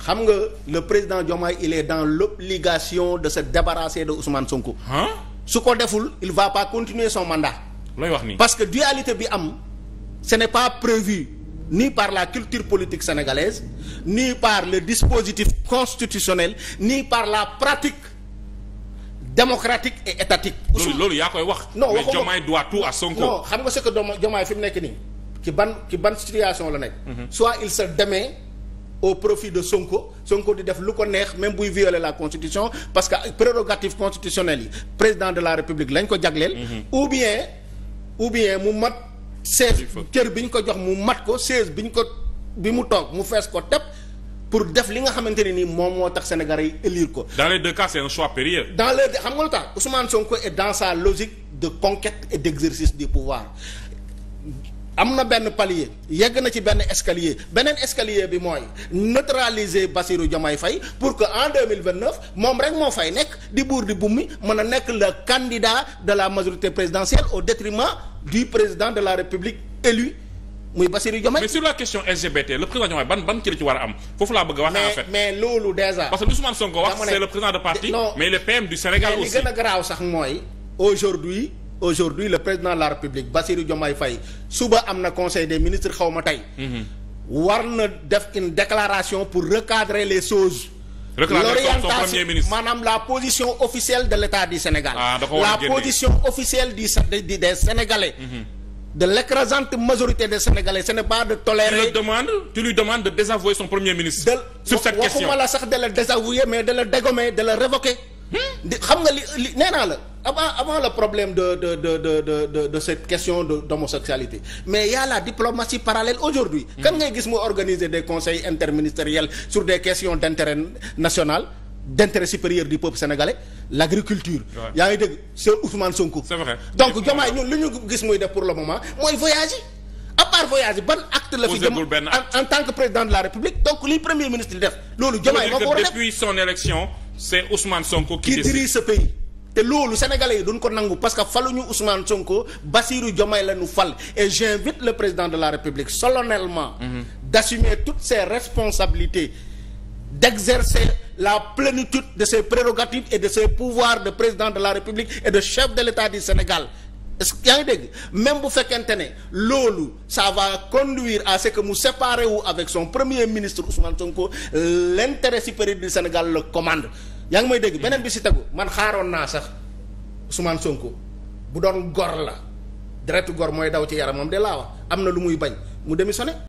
xam nga le président Diomaye il est dans l'obligation de se débarrasser de Ousmane Sonko. su ko deful il va pas continuer son mandat. looy wax nii parce que dualité bi am ce n'est pas prévu ni par la culture politique sénégalaise ni par le dispositif constitutionnel ni par la pratique démocratique et étatique. loolu yaa koy wax. non waxuma mais Diomaye doit tout à Sonko. non xam nga ce que Diomaye fi mu nekk nii. ci ban ci ban situation la nekk. Mhm. soit il se démet. au profit de Sonko Sonko di def lu ko neex même buy violer la constitution parce que prérogative constitutionnelle yi président de la république lañ ko jagleel. Mhm. ou bien ou bien mu mat. siège cër bi ñu ko jox mu mat ko chaise bi ñu ko bi mu toog mu fees ko tepp pour def li nga xamante ne ni moom moo tax sénégal yi élire ko. dans les deux cas c'est un choix périlleux. dans les xam nga lu tax Ousmane Sonko est dans logique de conquête et d'exercice du pouvoir. am na benn palier yegg na ci benn escalier beneen escalier bi mooy neutraliser Bassirou Diomaye Faye pour que en deux mille moom rek moo fay nekk di buur di bummi mën a nekk le candidat de la majorité présidentielle au détriment du président de la République élu muy Bassirou Diomaye. mais sur la question LGBT le président Diomaye ban ban ci la ci war a am foofu laa bëgg a. waxee en fait mais mais loolu déjà. parce que lu Ousmane Sonko wax c'est le président de parti. mais le du aujourd'hui le président de la république Bassirou Diomaye Faye suba am na conseil des ministres xaw ma tey. Mhm. war na def une déclaration pour recadrer les choses. l'orientation maanaam la position officielle de l'État du Sénégal. Ah, la position officielle du des Sénégalais. Mhm. de l'écrasante majorité des Sénégalais ce n'est pas de tolérer. tu le demandes tu lui demandes de désavouer son premier ministre. De, sur waxuma la sax de la désavouer mais de la dégommer de hmm? la. avant avant le problème de de de de de de, de cette question de d'homosexualité mais il y a la diplomatie parallèle aujourd'hui kan mm-hmm. ngay gis mu organiser des conseils interministériels sur des questions d'intérêt national d'intérêt supérieur du peuple sénégalais l'agriculture yaa ngi dégg c'est Ousmane Sonko c'est vrai donc Diomaye ñun lu ñu gis muy def pour le moment mooy voyager à part voyager ban acte la fi dem en tant que président de la République donc li premier ministre di def loolu Diomaye moo ko war a def depuis son élection c'est Ousmane Sonko qui dirige ce pays te loolu sénégalais yi duñ ko nangu parce que faluñu Ousmane Sonko Bassirou Diomaye la nu fal et j'invite le président de la République solennellement mmh. d'assumer toutes ses responsabilités d'exercer la plénitude de ses prérogatives et de ses pouvoirs de président de la République et de chef de l'État du Sénégal est-ce que yaa ngi dégg même bu fekkente ne loolu ça va conduire à ce que mu séparer wu avec son premier ministre Ousmane Sonko l'intérêt supérieur du Sénégal le commande yaa ngi may dégg beneen bi si tegu man xaaroon naa sax Ousmane Sonko bu doon gor la deretu gor mooy daw ci moom de laa wax am na lu muy bañ mu démissionné